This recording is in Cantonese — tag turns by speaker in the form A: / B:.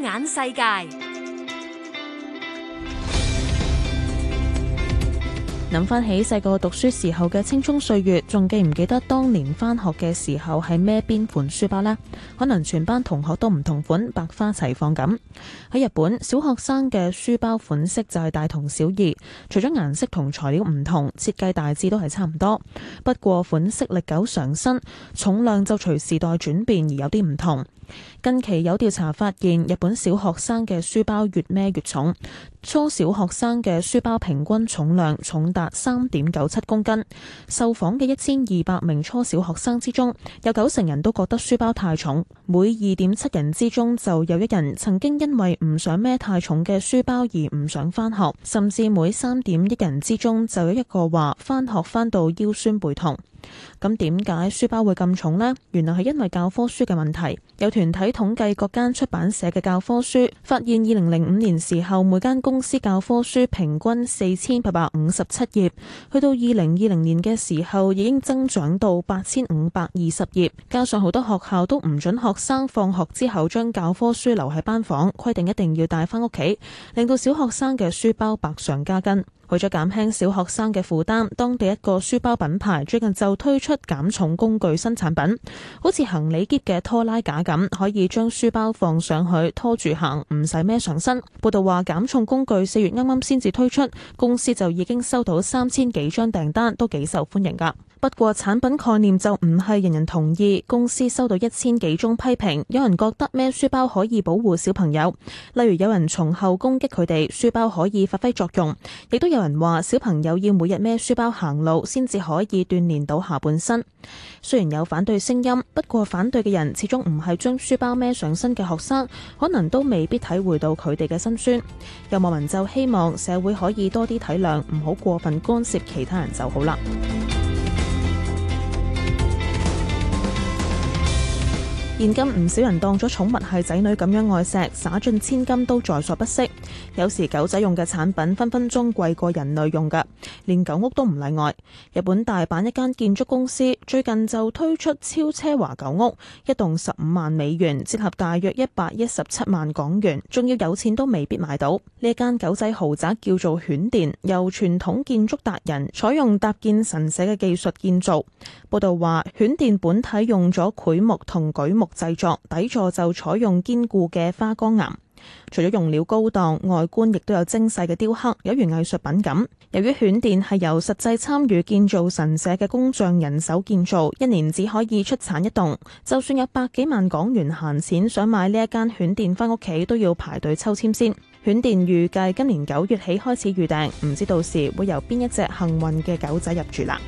A: 眼世界，諗翻起細個讀書時候嘅青葱歲月，仲記唔記得當年翻學嘅時候係咩邊款書包呢？可能全班同學都唔同款，百花齊放咁。喺日本，小學生嘅書包款式就係大同小異，除咗顏色同材料唔同，設計大致都係差唔多。不過款式歷久常新，重量就隨時代轉變而有啲唔同。近期有調查發現，日本小學生嘅書包越孭越重，初小學生嘅書包平均重量重達三點九七公斤。受訪嘅一千二百名初小學生之中，有九成人都覺得書包太重，每二點七人之中就有一人曾經因為唔想孭太重嘅書包而唔想返學，甚至每三點一人之中就有一個話返學返到腰酸背痛。咁點解書包會咁重呢？原來係因為教科書嘅問題，有團。全體統計各間出版社嘅教科書，發現二零零五年時候每間公司教科書平均四千八百五十七頁，去到二零二零年嘅時候已經增長到八千五百二十頁。加上好多學校都唔准學生放學之後將教科書留喺班房，規定一定要帶翻屋企，令到小學生嘅書包百上加斤。為咗減輕小學生嘅負擔，當地一個書包品牌最近就推出減重工具新產品，好似行李篋嘅拖拉架咁，可以將書包放上去拖住行，唔使揹上身。報道話，減重工具四月啱啱先至推出，公司就已經收到三千幾張訂單，都幾受歡迎噶。不過產品概念就唔係人人同意，公司收到一千幾宗批評。有人覺得孭書包可以保護小朋友，例如有人從後攻擊佢哋，書包可以發揮作用。亦都有人話小朋友要每日孭書包行路先至可以鍛煉到下半身。雖然有反對聲音，不過反對嘅人始終唔係將書包孭上身嘅學生，可能都未必體會到佢哋嘅辛酸。有網民就希望社會可以多啲體諒，唔好過分干涉其他人就好啦。現今唔少人當咗寵物係仔女咁樣愛錫，灑盡千金都在所不惜。有時狗仔用嘅產品，分分鐘貴過人類用㗎。連狗屋都唔例外。日本大阪一間建築公司最近就推出超奢華狗屋，一棟十五萬美元，折合大約一百一十七萬港元，仲要有錢都未必買到。呢一間狗仔豪宅叫做犬殿，由傳統建築達人採用搭建神社嘅技術建造。報道話，犬殿本體用咗檜木同欅木製作，底座就採用堅固嘅花崗岩。除咗用料高檔，外觀亦都有精細嘅雕刻，有如藝術品咁。由於犬殿係由實際參與建造神社嘅工匠人手建造，一年只可以出產一棟，就算有百幾萬港元閒錢想買呢一間犬殿返屋企，都要排隊抽籤先。犬殿預計今年九月起開始預訂，唔知道到時會由邊一隻幸運嘅狗仔入住啦。